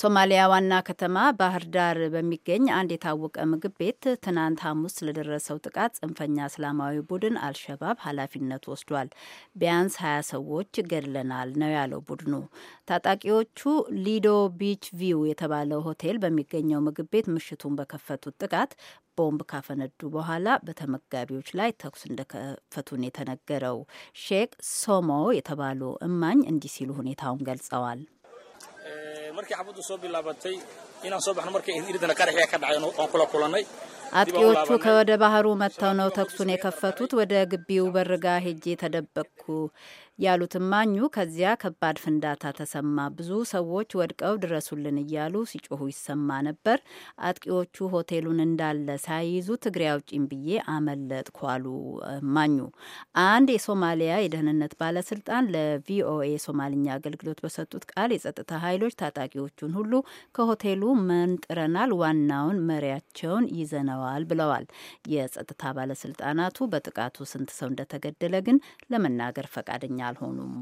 ሶማሊያ ዋና ከተማ ባህር ዳር በሚገኝ አንድ የታወቀ ምግብ ቤት ትናንት ሐሙስ ለደረሰው ጥቃት ጽንፈኛ እስላማዊ ቡድን አልሸባብ ኃላፊነት ወስዷል። ቢያንስ ሀያ ሰዎች ገድለናል ነው ያለው ቡድኑ። ታጣቂዎቹ ሊዶ ቢች ቪው የተባለው ሆቴል በሚገኘው ምግብ ቤት ምሽቱን በከፈቱት ጥቃት ቦምብ ካፈነዱ በኋላ በተመጋቢዎች ላይ ተኩስ እንደከፈቱን የተነገረው ሼክ ሶሞ የተባሉ እማኝ እንዲህ ሲሉ ሁኔታውን ገልጸዋል። markii xabaddu soo bilaabatay inaan soo baxno markay irdana qaraxiga ka dhacay oon kula kulannay አጥቂዎቹ ከወደ ባህሩ መጥተው ነው ተኩሱን የከፈቱት። ወደ ግቢው በርጋ ሄጄ ተደበቅኩ ያሉት እማኙ፣ ከዚያ ከባድ ፍንዳታ ተሰማ። ብዙ ሰዎች ወድቀው ድረሱልን እያሉ ሲጮሁ ይሰማ ነበር። አጥቂዎቹ ሆቴሉን እንዳለ ሳይይዙ ትግሬ አውጪኝ ብዬ አመለጥኩ አሉ እማኙ። አንድ የሶማሊያ የደህንነት ባለስልጣን ለቪኦኤ የሶማልኛ አገልግሎት በሰጡት ቃል የጸጥታ ኃይሎች ታጣቂዎቹን ሁሉ ከሆቴሉ መንጥረናል፣ ዋናውን መሪያቸውን ይዘናል ሆነዋል ብለዋል። የጸጥታ ባለስልጣናቱ በጥቃቱ ስንት ሰው እንደተገደለ ግን ለመናገር ፈቃደኛ አልሆኑም።